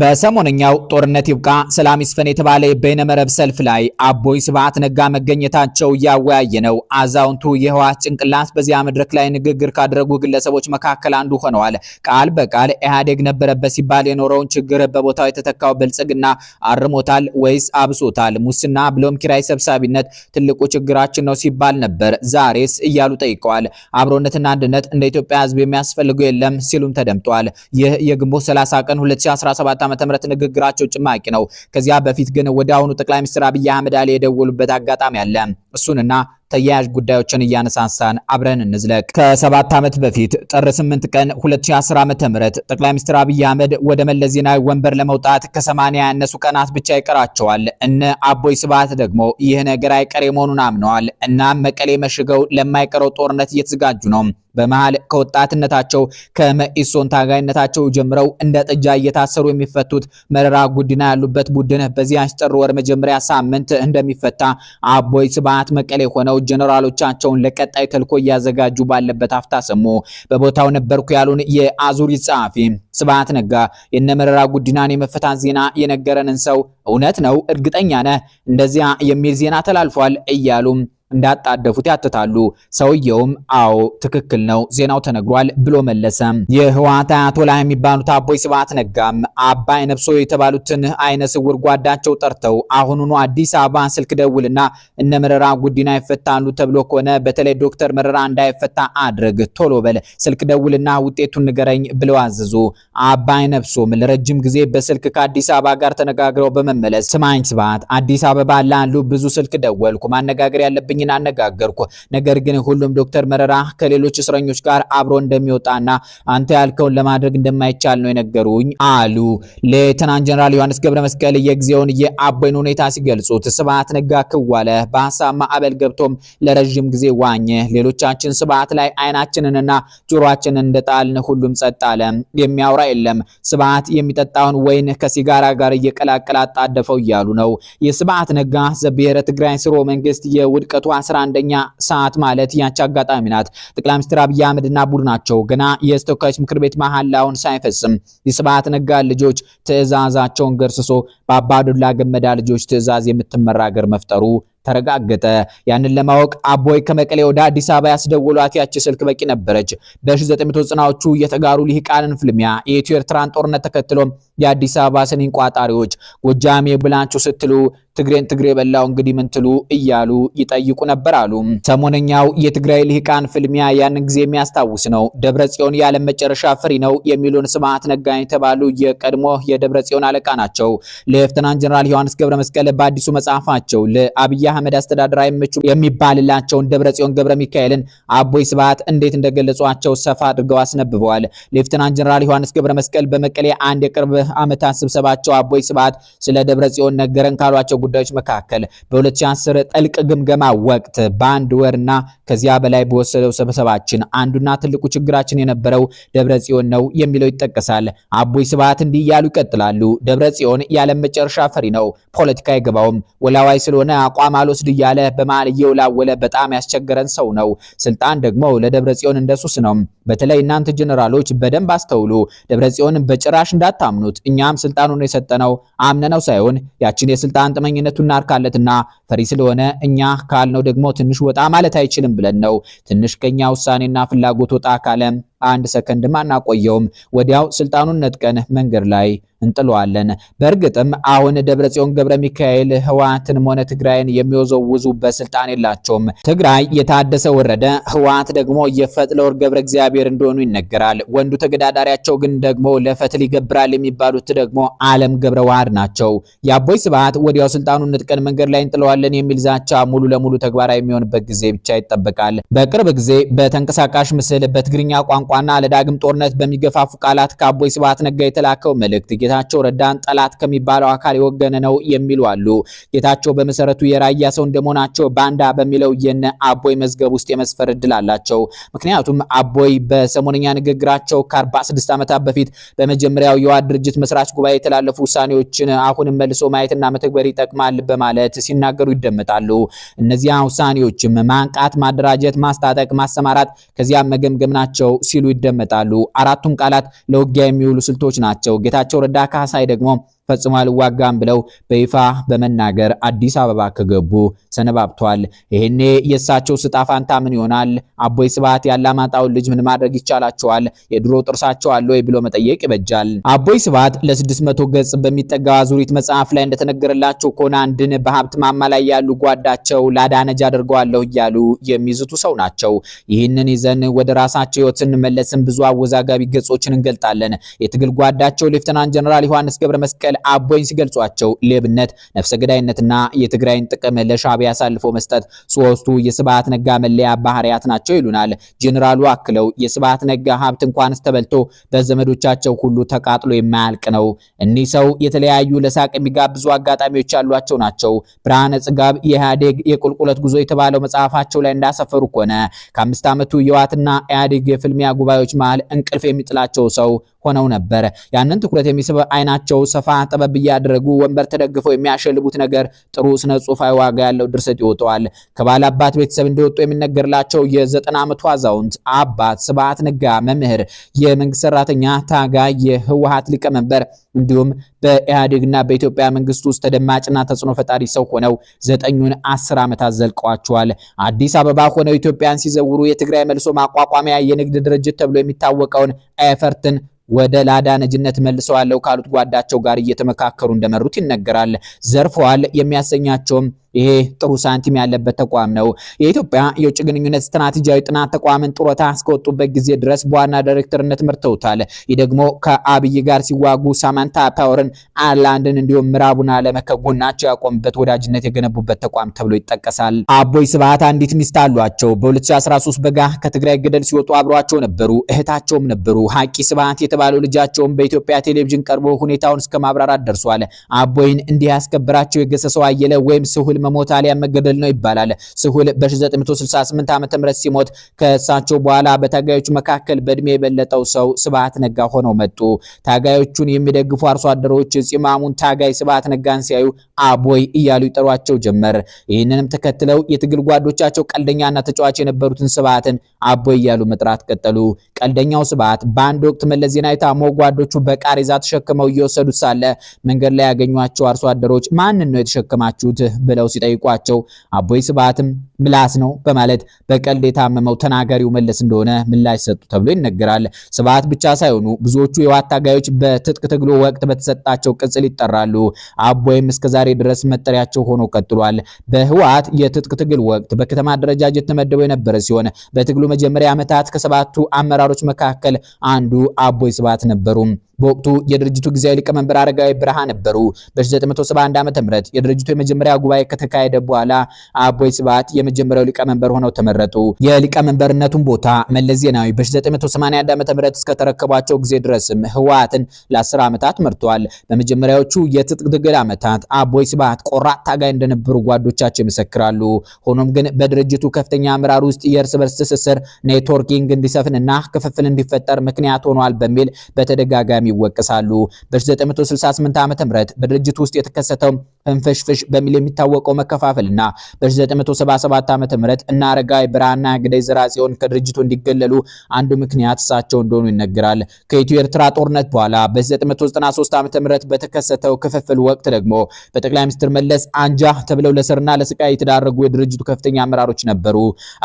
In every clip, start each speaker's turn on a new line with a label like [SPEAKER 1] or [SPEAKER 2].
[SPEAKER 1] በሰሞነኛው ጦርነት ይብቃ ሰላም ይስፈን የተባለ የበይነመረብ ሰልፍ ላይ አቦይ ስብሃት ነጋ መገኘታቸው እያወያየ ነው። አዛውንቱ የህወሓት ጭንቅላት በዚያ መድረክ ላይ ንግግር ካደረጉ ግለሰቦች መካከል አንዱ ሆነዋል። ቃል በቃል ኢህአዴግ ነበረበት ሲባል የኖረውን ችግር በቦታው የተተካው ብልጽግና አርሞታል ወይስ አብሶታል? ሙስና ብሎም ኪራይ ሰብሳቢነት ትልቁ ችግራችን ነው ሲባል ነበር። ዛሬስ እያሉ ጠይቀዋል። አብሮነትና አንድነት እንደ ኢትዮጵያ ህዝብ የሚያስፈልገው የለም ሲሉም ተደምጧል። ይህ የግንቦት 30 ቀን 2017 2017 ዓ.ም ንግግራቸው ጭማቂ ነው። ከዚያ በፊት ግን ወደ አሁኑ ጠቅላይ ሚኒስትር አብይ አህመድ አሊ የደወሉበት አጋጣሚ አለ። እሱንና ተያያዥ ጉዳዮችን እያነሳሳን አብረን እንዝለቅ። ከሰባት ዓመት በፊት ጥር 8 ቀን 2010 ዓ.ም ጠቅላይ ሚኒስትር አብይ አህመድ ወደ መለስ ዜናዊ ወንበር ለመውጣት ከ80 ያነሱ ቀናት ብቻ ይቀራቸዋል። እነ አቦይ ስብሃት ደግሞ ይህ ነገር አይቀሬ መሆኑን አምነዋል። እናም መቀሌ መሽገው ለማይቀረው ጦርነት እየተዘጋጁ ነው። በመሃል ከወጣትነታቸው ከመኢሶን ታጋይነታቸው ጀምረው እንደ ጥጃ እየታሰሩ የሚፈቱት መረራ ጉዲና ያሉበት ቡድን በዚያች ጥር ወር መጀመሪያ ሳምንት እንደሚፈታ አቦይ ስብሃት ቀናት መቀሌ ሆነው ጀነራሎቻቸውን ለቀጣይ ተልኮ እያዘጋጁ ባለበት አፍታ ሰሙ በቦታው ነበርኩ ያሉን የአዙሪት ጸሐፊ ስብሐት ነጋ የነመረራ ጉዲናን የመፈታት ዜና የነገረንን ሰው እውነት ነው፣ እርግጠኛ ነህ እንደዚያ የሚል ዜና ተላልፏል እያሉም እንዳጣደፉት ያትታሉ። ሰውየውም አዎ ትክክል ነው፣ ዜናው ተነግሯል ብሎ መለሰ። የህወሓት አያቶላ የሚባሉት አቦይ ስብሃት ነጋም አባይ ነብሶ የተባሉትን አይነ ስውር ጓዳቸው ጠርተው አሁኑኑ አዲስ አበባ ስልክ ደውልና እነ መረራ ጉዲና ይፈታሉ ተብሎ ከሆነ በተለይ ዶክተር መረራ እንዳይፈታ አድርግ፣ ቶሎ በል ስልክ ደውልና ውጤቱን ንገረኝ ብለው አዘዙ። አባይ ነብሶም ለረጅም ጊዜ በስልክ ከአዲስ አበባ ጋር ተነጋግረው በመመለስ ስማኝ ስብሃት፣ አዲስ አበባ ላሉ ብዙ ስልክ ደወልኩ ማነጋገር ያለብኝ አስረኝን አነጋገርኩ። ነገር ግን ሁሉም ዶክተር መረራ ከሌሎች እስረኞች ጋር አብሮ እንደሚወጣና አንተ ያልከውን ለማድረግ እንደማይቻል ነው የነገሩኝ አሉ። ሌተናንት ጀነራል ዮሐንስ ገብረ መስቀል የጊዜውን የአቦይን ሁኔታ ሲገልጹት ስብሐት ነጋ ክዋለ በሀሳብ ማዕበል ገብቶም ለረዥም ጊዜ ዋኘ። ሌሎቻችን ስብሐት ላይ አይናችንንና ጆሮአችንን እንደጣልን ሁሉም ጸጥ አለ። የሚያወራ የለም። ስብሐት የሚጠጣውን ወይን ከሲጋራ ጋር እየቀላቀለ አጣደፈው እያሉ ነው። የስብሐት ነጋ ዘብሔረ ትግራይ ስርወ መንግስት የውድቀቱ 11ኛ ሰዓት ማለት ያቺ አጋጣሚ ናት። ጠቅላይ ሚኒስትር አብይ አህመድና ቡድናቸው ገና የተወካዮች ምክር ቤት መሐላውን ሳይፈጽም የስብሃት ነጋ ልጆች ትዕዛዛቸውን ገርስሶ በአባዱላ ገመዳ ልጆች ትዕዛዝ የምትመራ ሀገር መፍጠሩ ተረጋገጠ። ያንን ለማወቅ አቦይ ከመቀሌ ወደ አዲስ አበባ ያስደወሏት ያቺ ስልክ በቂ ነበረች። በ1990ዎቹ የተጋሩ ልሂቃንን ፍልሚያ የኢትዮ ኤርትራን ጦርነት ተከትሎ የአዲስ አበባ ስኒን ቋጣሪዎች ጎጃሜ ብላችሁ ስትሉ ትግሬን ትግሬ በላው እንግዲህ ምን ትሉ እያሉ ይጠይቁ ነበር አሉ። ሰሞነኛው የትግራይ ልሂቃን ፍልሚያ ያንን ጊዜ የሚያስታውስ ነው። ደብረ ጽዮን የዓለም መጨረሻ ፍሪ ነው የሚሉን ስብሐት ነጋ የተባሉ የቀድሞ የደብረ ጽዮን አለቃ ናቸው። ሌፍተናንት ጀነራል ዮሐንስ ገብረ መስቀል በአዲሱ መጽሐፋቸው ለአብይ አህመድ አስተዳደር አይመቹ የሚባልላቸውን ደብረ ጽዮን ገብረ ሚካኤልን አቦይ ስብሐት እንዴት እንደገለጿቸው ሰፋ አድርገው አስነብበዋል። ሌፍተናንት ጀነራል ዮሐንስ ገብረ መስቀል በመቀሌ አንድ የቅርብ ዓመታት ስብሰባቸው አቦይ ስብሃት ስለ ደብረ ጽዮን ነገረን ካሏቸው ጉዳዮች መካከል በ2010 ጠልቅ ግምገማ ወቅት በአንድ ወርና ከዚያ በላይ በወሰደው ስብሰባችን አንዱና ትልቁ ችግራችን የነበረው ደብረ ጽዮን ነው የሚለው ይጠቀሳል። አቦይ ስብሃት እንዲህ እያሉ ይቀጥላሉ። ደብረ ጽዮን ያለ መጨረሻ ፈሪ ነው። ፖለቲካ አይገባውም። ወላዋይ ስለሆነ አቋም አልወስድ እያለ በመሀል እየወላወለ በጣም ያስቸገረን ሰው ነው። ስልጣን ደግሞ ለደብረ ጽዮን እንደሱስ ነው። በተለይ እናንተ ጀነራሎች በደንብ አስተውሉ። ደብረ ጽዮን በጭራሽ እንዳታምኑ ያሉት። እኛም ስልጣኑን የሰጠነው አምነነው ሳይሆን ያችን የስልጣን ጥመኝነቱ እናርካለትና ፈሪ ስለሆነ እኛ ካልነው ደግሞ ትንሽ ወጣ ማለት አይችልም ብለን ነው። ትንሽ ከኛ ውሳኔና ፍላጎት ወጣ ካለም አንድ ሰከንድም አናቆየውም። ወዲያው ስልጣኑን ነጥቀን መንገድ ላይ እንጥለዋለን። በእርግጥም አሁን ደብረጽዮን ገብረ ሚካኤል ህወሓትንም ሆነ ትግራይን የሚወዘውዙበት ስልጣን የላቸውም። ትግራይ የታደሰ ወረደ፣ ህወሓት ደግሞ የፈትለወርቅ ገብረ እግዚአብሔር እንደሆኑ ይነገራል። ወንዱ ተገዳዳሪያቸው ግን ደግሞ ለፈትል ይገብራል የሚባሉት ደግሞ አለም ገብረ ዋህድ ናቸው። የአቦይ ስብሃት ወዲያው ስልጣኑ ንጥቀን መንገድ ላይ እንጥለዋለን የሚል ዛቻ ሙሉ ለሙሉ ተግባራዊ የሚሆንበት ጊዜ ብቻ ይጠበቃል። በቅርብ ጊዜ በተንቀሳቃሽ ምስል በትግርኛ ቋንቋና ለዳግም ጦርነት በሚገፋፉ ቃላት ከአቦይ ስብሃት ነጋ የተላከው መልእክት ጌታቸው ረዳን ጠላት ከሚባለው አካል የወገነ ነው የሚሉ አሉ። ጌታቸው በመሰረቱ የራያ ሰው እንደመሆናቸው ባንዳ በሚለው የነ አቦይ መዝገብ ውስጥ የመስፈር እድል አላቸው። ምክንያቱም አቦይ በሰሞነኛ ንግግራቸው ከ46 ዓመታት በፊት በመጀመሪያው የዋድ ድርጅት መስራች ጉባኤ የተላለፉ ውሳኔዎችን አሁንም መልሶ ማየትና መተግበር ይጠቅማል በማለት ሲናገሩ ይደመጣሉ። እነዚያ ውሳኔዎችም ማንቃት፣ ማደራጀት፣ ማስታጠቅ፣ ማሰማራት ከዚያም መገምገም ናቸው ሲሉ ይደመጣሉ። አራቱም ቃላት ለውጊያ የሚውሉ ስልቶች ናቸው። ጌታቸው ረዳ ካሳይ ደግሞ ፈጽሞ አልዋጋም ብለው በይፋ በመናገር አዲስ አበባ ከገቡ ሰነባብቷል። ይሄኔ የእሳቸው ስጣ ምን ይሆናል? አቦይ ስብሃት ያላማጣውን ልጅ ምን ማድረግ ይቻላቸዋል? የድሮ ጥርሳቸው አለ ወይ ብሎ መጠየቅ ይበጃል። አቦይ ስብሃት ለ600 ገጽ በሚጠጋው አዙሪት መጽሐፍ ላይ እንደተነገረላቸው ከሆነ አንድን በሀብት ማማ ላይ ያሉ ጓዳቸው ላዳነጅ አድርገዋለሁ እያሉ የሚዝቱ ሰው ናቸው። ይህንን ይዘን ወደ ራሳቸው ህይወት ስንመለስም ብዙ አወዛጋቢ ገጾችን እንገልጣለን። የትግል ጓዳቸው ሌፍተናንት ጀነራል ዮሐንስ ገብረ መስቀል አቦኝ ሲገልጿቸው ሌብነት፣ ነፍሰ ገዳይነትና የትግራይን ጥቅም ለሻቢያ አሳልፎ መስጠት ሶስቱ የስብሃት ነጋ መለያ ባህሪያት ናቸው ይሉናል ጄኔራሉ። አክለው የስብሃት ነጋ ሀብት እንኳንስ ተበልቶ በዘመዶቻቸው ሁሉ ተቃጥሎ የማያልቅ ነው። እኒህ ሰው የተለያዩ ለሳቅ የሚጋብዙ አጋጣሚዎች ያሏቸው ናቸው። ብርሃነ ጽጋብ የኢህአዴግ የቁልቁለት ጉዞ የተባለው መጽሐፋቸው ላይ እንዳሰፈሩ ከሆነ ከአምስት ዓመቱ የዋትና ኢህአዴግ የፍልሚያ ጉባኤዎች መሃል እንቅልፍ የሚጥላቸው ሰው ሆነው ነበር። ያንን ትኩረት የሚስብ አይናቸው ሰፋ ጠበብ እያደረጉ ወንበር ተደግፈው የሚያሸልቡት ነገር ጥሩ ስነ ጽሑፋዊ ዋጋ ያለው ድርሰት ይወጣዋል። ከባለ አባት ቤተሰብ እንደወጡ የሚነገርላቸው የዘጠና ዓመቱ አዛውንት አባት ስብሐት ነጋ መምህር፣ የመንግስት ሰራተኛ፣ ታጋይ፣ የህወሓት ሊቀመንበር እንዲሁም በኢህአዴግና በኢትዮጵያ መንግስት ውስጥ ተደማጭና ተጽዕኖ ፈጣሪ ሰው ሆነው ዘጠኙን አስር ዓመታት ዘልቀዋቸዋል። አዲስ አበባ ሆነው ኢትዮጵያን ሲዘውሩ የትግራይ መልሶ ማቋቋሚያ የንግድ ድርጅት ተብሎ የሚታወቀውን ኤፈርትን ወደ ላዳ ነጅነት መልሰዋለሁ ካሉት ጓዳቸው ጋር እየተመካከሩ እንደመሩት ይነገራል። ዘርፈዋል የሚያሰኛቸውም ይሄ ጥሩ ሳንቲም ያለበት ተቋም ነው። የኢትዮጵያ የውጭ ግንኙነት ስትራቴጂያዊ ጥናት ተቋምን ጡረታ እስከወጡበት ጊዜ ድረስ በዋና ዳይሬክተርነት መርተውታል። ይህ ደግሞ ከአብይ ጋር ሲዋጉ ሳማንታ ፓወርን፣ አላንድን እንዲሁም ምዕራቡን ዓለም ከጎናቸው ያቆሙበት ወዳጅነት የገነቡበት ተቋም ተብሎ ይጠቀሳል። አቦይ ስብሃት አንዲት ሚስት አሏቸው። በ2013 በጋ ከትግራይ ገደል ሲወጡ አብሯቸው ነበሩ፣ እህታቸውም ነበሩ። ሀቂ ስብሃት የተባለው ልጃቸውም በኢትዮጵያ ቴሌቪዥን ቀርቦ ሁኔታውን እስከ ማብራራት ደርሷል። አቦይን እንዲህ ያስከብራቸው የገሰሰው አየለ ወይም ስሁል መሞት አሊያም መገደል ነው ይባላል። ስሁል በ968 ዓ ም ሲሞት ከእሳቸው በኋላ በታጋዮቹ መካከል በእድሜ የበለጠው ሰው ስብሃት ነጋ ሆነው መጡ። ታጋዮቹን የሚደግፉ አርሶ አደሮች ፂማሙን ታጋይ ስብሃት ነጋን ሲያዩ አቦይ እያሉ ይጠሯቸው ጀመር። ይህንንም ተከትለው የትግል ጓዶቻቸው ቀልደኛና ተጫዋች የነበሩትን ስብሃትን አቦይ እያሉ መጥራት ቀጠሉ። ቀልደኛው ስብሃት በአንድ ወቅት መለስ ዜናዊ ታሞ ጓዶቹ በቃሬዛ ተሸክመው እየወሰዱት ሳለ መንገድ ላይ ያገኟቸው አርሶ አደሮች ማንን ነው የተሸከማችሁት ብለው ሲጠይቋቸው አቦይ ስብዓትም ምላስ ነው በማለት በቀልድ የታመመው ተናጋሪው መለስ እንደሆነ ምላሽ ሰጡ ተብሎ ይነገራል። ስብዓት ብቻ ሳይሆኑ ብዙዎቹ የዋት ታጋዮች በትጥቅ ትግሉ ወቅት በተሰጣቸው ቅጽል ይጠራሉ። አቦይም እስከዛሬ ድረስ መጠሪያቸው ሆኖ ቀጥሏል። በህወሓት የትጥቅ ትግል ወቅት በከተማ አደረጃጀት ተመድበው የነበረ ሲሆን በትግሉ መጀመሪያ ዓመታት ከሰባቱ አመራሮች መካከል አንዱ አቦይ ስብዓት ነበሩ። በወቅቱ የድርጅቱ ጊዜያዊ ሊቀመንበር አረጋዊ ብርሃ ነበሩ። ዓ ም የድርጅቱ የመጀመሪያ ጉባኤ ከተካሄደ በኋላ አቦይ ስብሃት የመጀመሪያው ሊቀመንበር ሆነው ተመረጡ። የሊቀመንበርነቱን ቦታ መለስ ዜናዊ በ ዓ ም እስከተረከቧቸው ጊዜ ድረስም ህወሓትን ለ10 ዓመታት መርቷል። በመጀመሪያዎቹ የትጥቅ ትግል ዓመታት አቦይ ስብሃት ቆራጥ ታጋይ እንደነበሩ ጓዶቻቸው ይመሰክራሉ። ሆኖም ግን በድርጅቱ ከፍተኛ አመራር ውስጥ የእርስ በርስ ትስስር ኔትወርኪንግ እንዲሰፍንና ክፍፍል እንዲፈጠር ምክንያት ሆኗል በሚል በተደጋጋሚ ይወቅሳሉ። በ968 ዓ.ም በድርጅቱ ውስጥ የተከሰተው ህንፍሽፍሽ በሚል የሚታወቀው መከፋፈልና በ977 ዓ.ም እና አረጋዊ ብርሃና ግደይ ዝራ ከድርጅቱ እንዲገለሉ አንዱ ምክንያት እሳቸው እንደሆኑ ይነገራል። ከኢትዮ ኤርትራ ጦርነት በኋላ በ993 ዓ.ም በተከሰተው ክፍፍል ወቅት ደግሞ በጠቅላይ ሚኒስትር መለስ አንጃ ተብለው ለስርና ለስቃይ የተዳረጉ የድርጅቱ ከፍተኛ አመራሮች ነበሩ።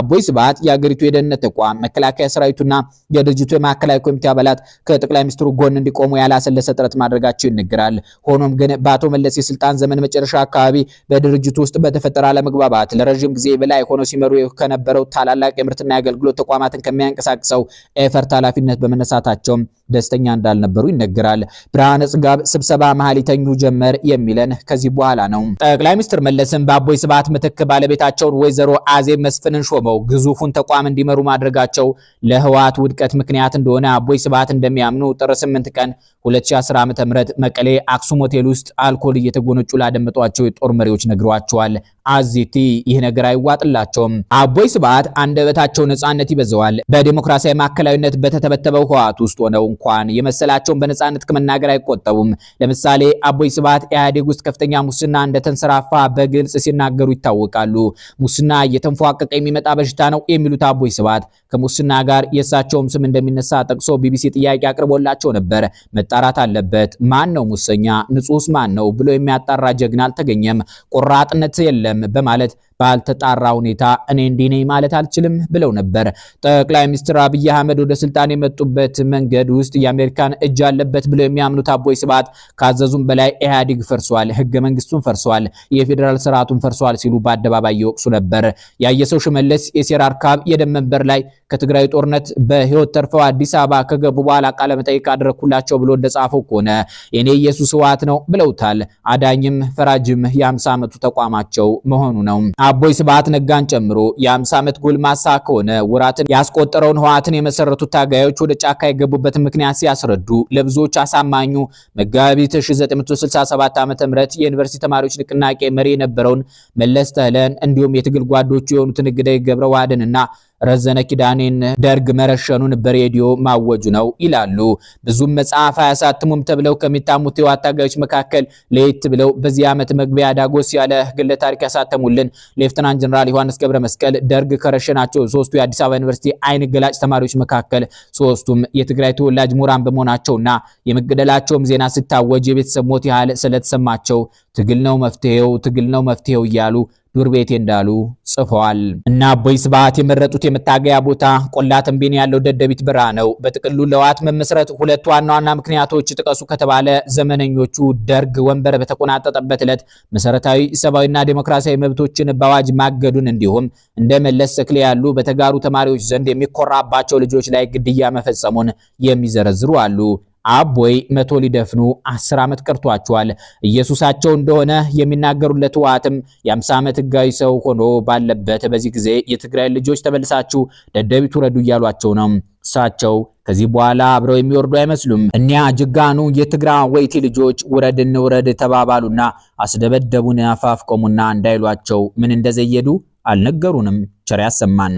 [SPEAKER 1] አቦይ ስባት የአገሪቱ የደህንነት ተቋም፣ መከላከያ ሰራዊቱና የድርጅቱ የማዕከላዊ ኮሚቴ አባላት ከጠቅላይ ሚኒስትሩ ጎን እንዲቆሙ ያላሰለሰ ጥረት ማድረጋቸው ይነገራል። ሆኖም ግን በአቶ መለስ የስልጣን ዘመን መጨረሻ አካባቢ በድርጅቱ ውስጥ በተፈጠረ አለመግባባት ለረዥም ጊዜ በላይ ሆነው ሲመሩ ከነበረው ታላላቅ የምርትና የአገልግሎት ተቋማትን ከሚያንቀሳቅሰው ኤፈርት ኃላፊነት በመነሳታቸው ደስተኛ እንዳልነበሩ ይነገራል። ብርሃነ ጽጋብ ስብሰባ መሀል ይተኙ ጀመር የሚለን ከዚህ በኋላ ነው። ጠቅላይ ሚኒስትር መለስም በአቦይ ስብሃት ምትክ ባለቤታቸውን ወይዘሮ አዜብ መስፍንን ሾመው። ግዙፉን ተቋም እንዲመሩ ማድረጋቸው ለህወሓት ውድቀት ምክንያት እንደሆነ አቦይ ስብሃት እንደሚያምኑ ጥር 8 ቀን 2010 ዓ.ም መቀሌ አክሱም ሆቴል ውስጥ አልኮል እየተጎነጩ ላደመጧቸው የጦር መሪዎች ነግሯቸዋል። አዚቲ ይህ ነገር አይዋጥላቸውም። አቦይ ስብሃት አንደበታቸው ነጻነት ይበዛዋል። በዲሞክራሲያዊ ማዕከላዊነት በተተበተበው ህወሓት ውስጥ ሆነው እንኳን የመሰላቸውን በነፃነት ከመናገር አይቆጠቡም። ለምሳሌ አቦይ ስብሃት ኢህአዴግ ውስጥ ከፍተኛ ሙስና እንደተንሰራፋ በግልጽ ሲናገሩ ይታወቃሉ። ሙስና እየተንፏቀቀ የሚመጣ በሽታ ነው የሚሉት አቦይ ስባት ከሙስና ጋር የእሳቸውም ስም እንደሚነሳ ጠቅሶ ቢቢሲ ጥያቄ አቅርቦላቸው ነበር። መጣራት አለበት። ማን ነው ሙሰኛ? ንጹህስ ማን ነው ብሎ የሚያጣራ ጀግና አልተገኘም። ቆራጥነት የለም በማለት ባልተጣራ ሁኔታ እኔ እንዲህ ነኝ ማለት አልችልም ብለው ነበር። ጠቅላይ ሚኒስትር አብይ አህመድ ወደ ስልጣን የመጡበት መንገድ ውስጥ የአሜሪካን እጅ አለበት ብለው የሚያምኑት አቦይ ስብዓት ካዘዙም በላይ ኢህአዴግ ፈርሷል፣ ህገ መንግስቱን ፈርሷል፣ የፌዴራል ስርዓቱን ፈርሷል ሲሉ በአደባባይ የወቅሱ ነበር። ያየሰው ሽመለስ የሴራ አርካብ የደም መንበር ላይ ከትግራይ ጦርነት በህይወት ተርፈው አዲስ አበባ ከገቡ በኋላ ቃለ መጠይቅ ብሎ እንደጻፈው ከሆነ የኔ ኢየሱስ ህወሓት ነው ብለውታል። አዳኝም ፈራጅም የ50 ዓመቱ ተቋማቸው መሆኑ ነው። አቦይ ስብሃት ነጋን ጨምሮ የ50 ዓመት ጎልማሳ ከሆነ ወራትን ያስቆጠረውን ህወሓትን የመሰረቱት ታጋዮች ወደ ጫካ የገቡበት ምክንያት ሲያስረዱ ለብዙዎች አሳማኙ መጋቢት 1967 ዓ.ም የዩኒቨርሲቲ ተማሪዎች ንቅናቄ መሪ የነበረውን መለስ ተህለን እንዲሁም የትግል ጓዶች የሆኑትን ግዳይ ገብረ ዋህድንና ረዘነ ኪዳኔን ደርግ መረሸኑን በሬዲዮ ማወጁ ነው ይላሉ። ብዙም መጽሐፍ አያሳትሙም ተብለው ከሚታሙት የህወሓት ታጋዮች መካከል ለየት ብለው በዚህ ዓመት መግቢያ ዳጎስ ያለ ግለ ታሪክ ያሳተሙልን ሌፍትናንት ጀነራል ዮሐንስ ገብረ መስቀል ደርግ ከረሸናቸው ሶስቱ የአዲስ አበባ ዩኒቨርሲቲ አይን ገላጭ ተማሪዎች መካከል ሶስቱም የትግራይ ተወላጅ ምሁራን በመሆናቸውና የመገደላቸውም ዜና ሲታወጅ የቤተሰብ ሞት ያህል ስለተሰማቸው ትግል ነው መፍትሄው፣ ትግል ነው መፍትሄው እያሉ ዱር ቤቴ እንዳሉ ጽፈዋል። እና አቦይ ስብሃት የመረጡት የመታገያ ቦታ ቆላ ተንቤን ያለው ደደቢት በረሃ ነው። በጥቅሉ ለዋት መመስረት ሁለት ዋና ዋና ምክንያቶች ጥቀሱ ከተባለ ዘመነኞቹ ደርግ ወንበር በተቆናጠጠበት ዕለት መሰረታዊ ሰብአዊና ዴሞክራሲያዊ መብቶችን በአዋጅ ማገዱን እንዲሁም እንደ መለስ ተክሌ ያሉ በተጋሩ ተማሪዎች ዘንድ የሚኮራባቸው ልጆች ላይ ግድያ መፈጸሙን የሚዘረዝሩ አሉ። አቦይ መቶ ሊደፍኑ አስር ዓመት ቀርቷቸዋል። ኢየሱሳቸው እንደሆነ የሚናገሩለት ህወሓትም የአምሳ ዓመት ህጋዊ ሰው ሆኖ ባለበት በዚህ ጊዜ የትግራይ ልጆች ተመልሳችሁ ደደቢት ውረዱ እያሏቸው ነው። እሳቸው ከዚህ በኋላ አብረው የሚወርዱ አይመስሉም። እኒያ ጅጋኑ ወይቲ ልጆች ውረድ እንውረድ ተባባሉና አስደበደቡን። አፋፍ ቆሙና እንዳይሏቸው ምን እንደዘየዱ አልነገሩንም። ቸር ያሰማን።